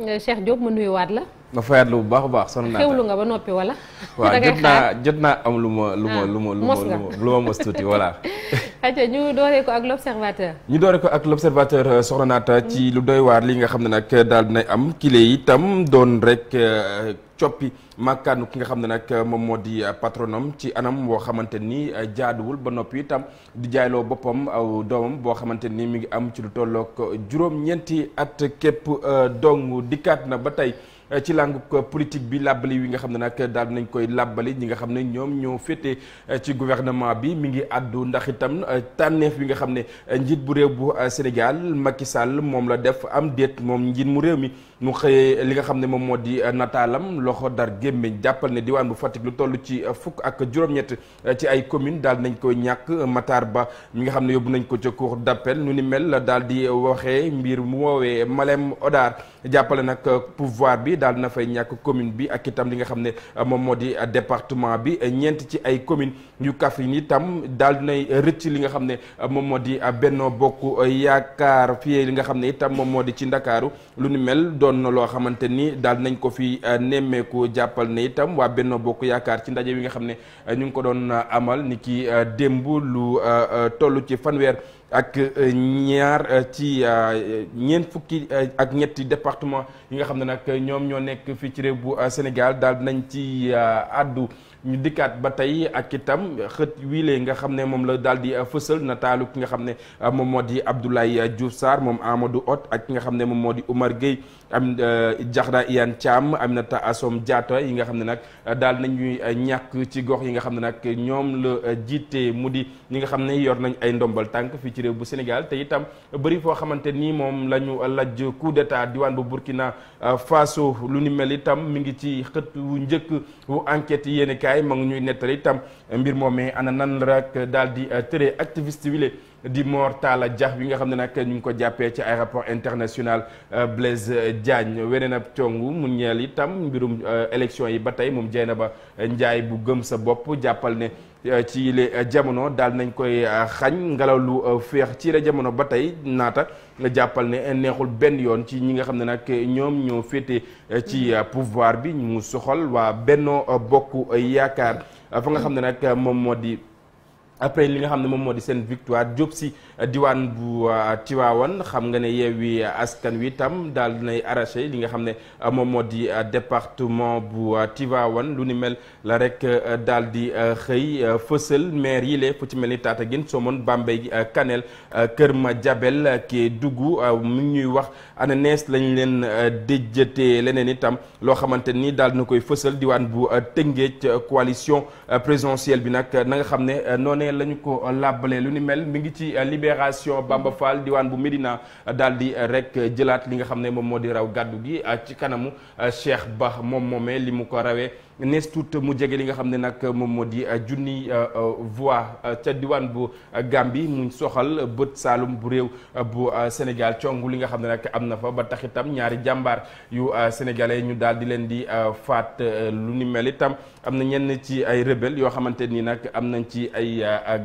Euh, Cheikh Diop ma nuyuwaat la. ma fayaat la bu baax a baax sonn naa xewlu nga ba noppi wala. waaw jot naa jot naa am lu ma lu ma ah, lu ma lu ma mos tuuti voilà. ayca ñu dooree ko ak l'observateur ñu dooree ko ak l'observateur euh, soxna naata mm. ci lu doy waar li nga xam ne nag euh, daal dinay am kile itam doon rek euh, coppi màkkaanu ki nga xam ne nag moom moo di patronom ci anam boo xamante ni jaaduwul ba noppi itam di jaayloo boppam aw doomam boo xamante ni mi ngi am ci lu tollook juróom-ñeenti at képp dong dikkaat na ba tey Euh, ci langue euh, politique bi làbbali wi nga xam ne nag daal nañ koy làbbali ñi nga xam ne ñoom ñoo féete euh, ci gouvernement bi mi ngi àddu ndax itam tànneef bi nga xam ne njiit bu réew bu Sénégal Macky Sall moom la def am déet moom njiit mu réew mi mu xëyee li nga xam ne moom moo di nataalam loxo dar gémmiñ jàppal ne diwaan bu Fatick lu toll ci fukk ak juróom-ñett ci ay commune daal nañ koy ñàkk Matar Ba mi nga xam ne yóbbu nañ ko ca cour d'appel nu ni mel daal di waxee mbir mu woowee Malem Odar jàppale nag euh, pouvoir bi daal dina fay ñàkk commune bi ak itam li nga xam ne euh, moom moo di euh, département bi ñeent ci ay commune yu Kaffrine itam daal dinay rëcc li nga xam ne moom moo di Benno Bokk Yaakaar fii li nga xam ne itam moom moo di ci Ndakaaru lu ni mel doon na loo xamante ni daal nañ ko fi nemmeeku jàppal ne itam waa Benno Bokk Yaakaar ci ndaje wi nga xam ne ñu ngi ko doon amal ni ki démb lu toll ci fanweer ak euh, ñaar euh, ci euh, ñeent fukki ak ñetti département yi nga xam ne nag ñoom ñoo nekk fii ci réew bu Sénégal daal nañ ci àddu ñu dikkaat ba tey ak itam xët wiile nga xam ne moom la daal di euh, fësal nataalu ki nga xam ne euh, moom moo di Abdoulaye euh, Diouf Sarr moom Amadou Hott ak ki nga xam ne moom moo di Oumar Gueye am Diakhra Iyane Thiam Aminata Assom jaato yi nga xam ne nag daal nañuy ñàkk ci gox yi nga xam ne nag ñoom la jiite mu di ñi nga xam ne yor nañ ay ndombal tànk fii ci réew bu senegal te itam bëri foo xamante nii moom la ñu lajj coup d'état diwaan bu Burkina Faso lu ni mel itam mu ngi ci xët kaay ma ngi ñuy nettali itam mbir moomee ana nan rak daal di euh, tëree activist wile di Mor a Dia bi nga xam ne nag ñu ngi ko jàppee ci aéroport international euh, Blaise Diagne weneen ab congu mu ñeel itam mbirum euh, élection yi ba tey moom na ba Ndiaye bu gëm sa bopp jàppal ne Euh, ci yile euh, jamono daal nañ koy euh, xañ ngelaw lu féex ci la jamono ba tey naata nga jàppal ne neexul benn yoon ci ñi nga xam ne nag ñoom ñoo féete ci pouvoir bi ñu mu soxal waa Benno Bokk Yaakaar fa nga xam ne nag moom moo di après li nga xam ne moom moo di seen victoire Diop si euh, diwaan bu euh, Tiwaawan xam nga ne Yewwi Askan Wi tam daal dinay arraché li nga xam ne euh, moom moo di département bu Tiwaawan lu ni mel la rek daal di xëy fësal maire yi lee fu ci mel ni Tataguine Somone Bambey Kanel Kër ma Madiabel Kédougou mu ñuy wax ana nees lañ leen déjjatee leneen itam loo xamante nii daal dina koy fësal diwaan bu Tëngéej coalition présidentielle bi nag na xam ne noonee noonee la ñu ko làbbalee lu ni mel mu ngi ci euh, libération Bamba Fall diwaan bu Médina euh, daal di euh, rek jëlaat li nga xam ne moom moo di raw gàddu gi ci kanamu Cheikh Ba moom moomee li mu ko rawee nees tuut mu jege li nga xam ne nag moom moo di euh, junni euh, euh, voix ca diwaan bu Gambie mu soxal bët Saalum bu réew bu Sénégal congu li nga xam ne nag am na fa ba tax itam ñaari jàmbaar yu sénégalais ñu daal di leen di faat lu ni mel itam am na ñenn ci ay rebelle yoo xamante ni nag am nañ ci ay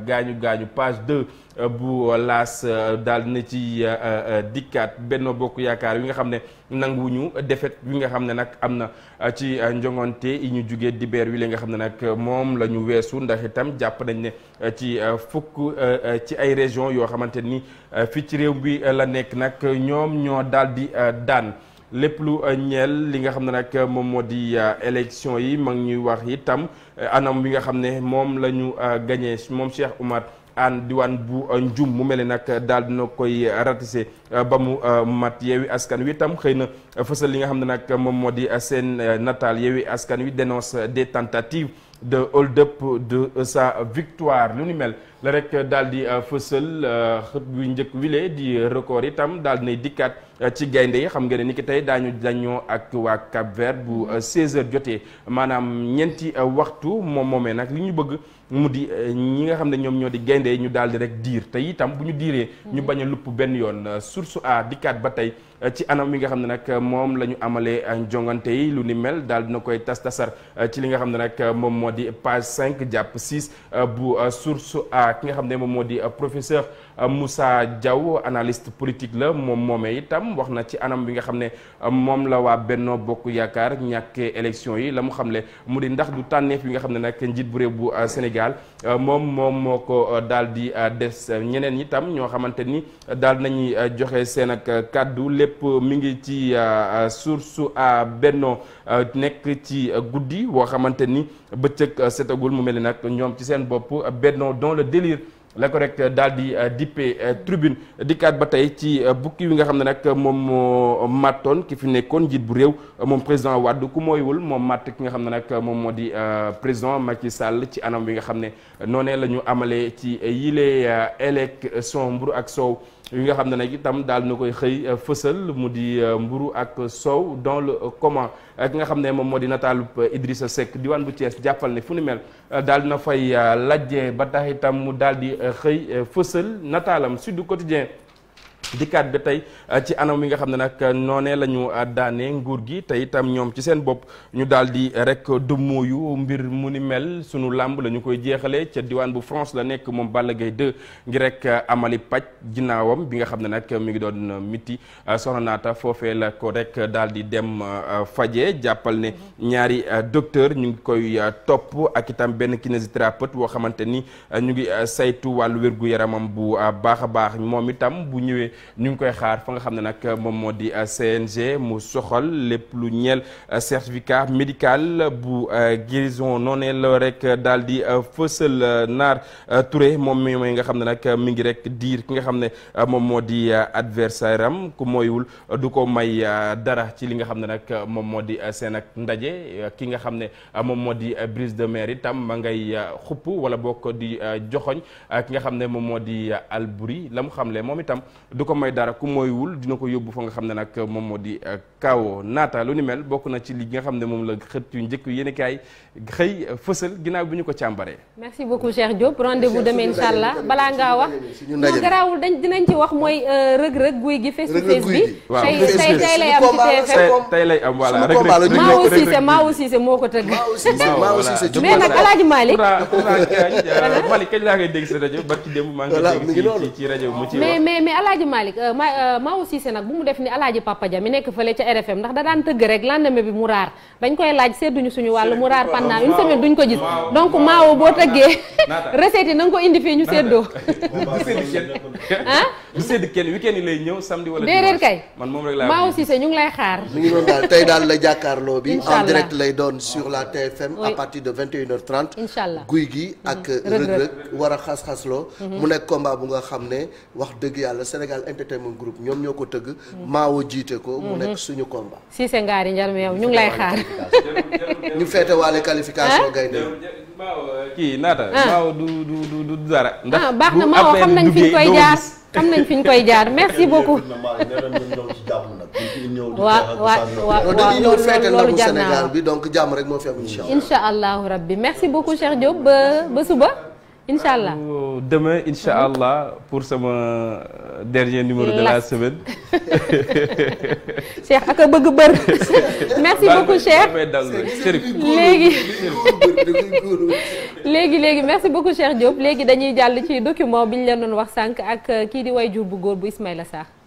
gaañu gaañu page 2 bu laas euh, daal na ci euh, euh, dikkaat benn Bokk Yaakaar yi nga xam ne nanguwuñu defet wi nga xam ne nag am na ci njongonte yi ñu jugee dibeer wi li nga xam ne nag moom la ñu weesu ndax itam jàpp nañ ne ci fukk ci ay région yoo xamante ni fii ci réew bi la nekk nag ñoom ñoo daal di daan lépp lu ñeel li nga xam ne nag moom moo di élection yi mag ñuy wax itam anam wi nga xam ne moom la ñu gagné moom Cheikh Oumar aan diwaan bu euh, njum mu mel ne nag daal dina koy euh, ratissé euh, ba mu mat yeewi askan wi itam xëy na fësal li nga xam ne nag moom moo di seen nataal yeewi askan wi dénonce des tentatives de hold-up de sa victoire lu ni mel la rek daal di fësal xët bu njëkk wile di record itam daal dinay dikkaat ci gaynde yi xam nga ne ni ki tey daañu dañoo ak waa Cap Vert bu 16 euh, jotee maanaam ñeenti euh, waxtu moom moomee nag li ñu bëgg mu di euh, ñi nga xam ne ñoom ñoo di gaynde ñu daal di rek diir tey itam bu ñu diiree. ñu mm-hmm. bañ a lupp benn yoon source a dikkaat ba tey ci anam wi nga xam ne nag moom la ñu amalee jongante yi lu ni mel daal dina koy tas tasar ci li nga xam ne nag moom moo di page cinq jàpp 6 bu source a ki nga xam ne moom moo di professeur Moussa Diaw analyste politique la wax na ci anam bi nga xam ne euh, moom la waa Benno Bokk Yaakaar ñàkkee élection yi la mu xam ne mu di ndax du tànneef yi nga xam ne nag njiit bu réew bu euh, Sénégal euh, moom moom moo ko daal di des ñeneen itam ñoo xamante ni daal nañuy joxe seen ak kàddu lépp mi ngi ci source a Benno nekk ci guddi woo xamante ni bëccëg setagul mu mel ni nag ñoom ci seen bopp Benno dans le délire la ko rek daal di euh, dippe euh, tribune dikkaat ba tey ci euh, bukki wi nga xam ne nag moom moo mattoon ki fi nekkoon njiit bu réew moom président wàdd ku mooywul moom matt ki nga xam ne nag moom moo di président Macky Sall ci anam wi nga xam ne noonee la ñu amalee ci yile élection mburu ak soow li nga xam ne nag itam daal na koy xëy euh, fësal mu di euh, mburu ak soow dans le euh, comment ki nga xam ne moom moo di nataalub sa Seck diwaan bu Thiès jàppal ne fu ni mel daal na fay lajjee ba tax itam mu daal di xëy fësal nataalam Sud Quotidien dikkaat ba tey uh, ci anam wi nga xam ne nag uh, noonee la ñu uh, daane nguur gi tey itam ñoom ci seen bopp ñu daal di rek dummooyu mbir mu ni mel sunu làmb lañu koy jeexalee ca diwaan bu France la nekk moom Balla Gaye 2 ngi rek amali paj ginnaawam bi nga xam ne nag mu ngi doon mitti soxna naata foofee la ko rek daal di dem faje jàppal ne ñaari docteur ñu ngi koy topp ak itam benn kinésithérapeute boo xamante ni ñu ngi saytu wàllu wér yaramam bu baax a baax moom itam bu ñëwee ñu ngi koy xaar fa nga xam ne nag moom moo di euh, CNG mu soxal lépp lu ñeel euh, certificat médical bu euh, guérison noonee la rek daal di fësal naar Touré moom mi mooy nga xam ne nag mi ngi rek diir ki nga xam ne moom moo di adversaire am ku mooyul du ko may dara ci li nga xam ne nag moom moo di seen ak ndaje ki nga xam ne moom moo di brise de mer itam ma ngay xupp wala bokk di joxoñ ki nga xam ne moom moo di Albouri la mu xamle moom itam du ko ko may dara ku mooywul dina ko yóbbu fa nga xam ne nag moom moo di euh, kawo naata lu ni mel bokk na ci li nga xam ne moom la xët yu njëkk yéen i kaay xëy fësal ginnaaw bi ñu ko càmbaree. merci beaucoup Cheikh Diop rendez-vous demain incha allah balaa ngaa wax. ñu garaawul dañ dinañ ci wax mooy euh, rëg-rëg guy gi. face to face bi waaw tey tey lay am ci TFM tey lay am voilà rëg-rëg Maawu Cissé Maawu Cissé moo ko tëgg. Maawu Cissé mais nag El Hadj Malick. Euh, Malick kañ laa koy dégg sa rajo barki démb maa Malick euh, ma euh, Maodo Cissé nag bu mu def ni alaaji Papa Dia mi nekk fële ca RFM ndax da daan tëgg rek lendemain bi mu raar dañ koy laaj sedduñu suñu wàllu mu raar pendant une semaine duñ ko gis donc Maodo boo tëggee recette yi na ko indi fii ñu seddoo ah du sedd kenn weekend yi lay ñëw samedi wala kay man moom ñu ngi lay xaar mu ngi noonu daal tey daal la jàkkaarloo bi en direct lay doon sur la TFM à partir de 21h30 guy gi mhm. ak rëg-rëg war a xas-xasloo mhm. mu nekk combat bu nga xam ne wax dëgg yàlla Sénégal Entertainment Group ñoom ñoo ko tëgg mhm. maawo jiite ko mu nekk suñu combat Cissé Ngari Ndiar meew ñu ngi lay xaar ñu feete waale qualification gaynde maaw ah, baax na maaw xam nañ fi koy jaar xam nañ fi ñu koy jaar merci beaucoup. waa waaw waaw dañuy ñëw feete ndamu Sénégal bi donc jàmm rek moo fi am incha allah incha merci beaucoup Cheikh Diop ba ba suba. incha allah euh, demain incha allah pour sama euh, dernier numéro de la semaine. Cheikh ak a bëgg bër. merci beaucoup Cheikh léegi léegi léegi merci beaucoup Cheikh Diop léegi dañuy jàll ci document bi ñu leen doon wax sànq ak euh, kii di way jur bu góor bu Ismaïla Sarr.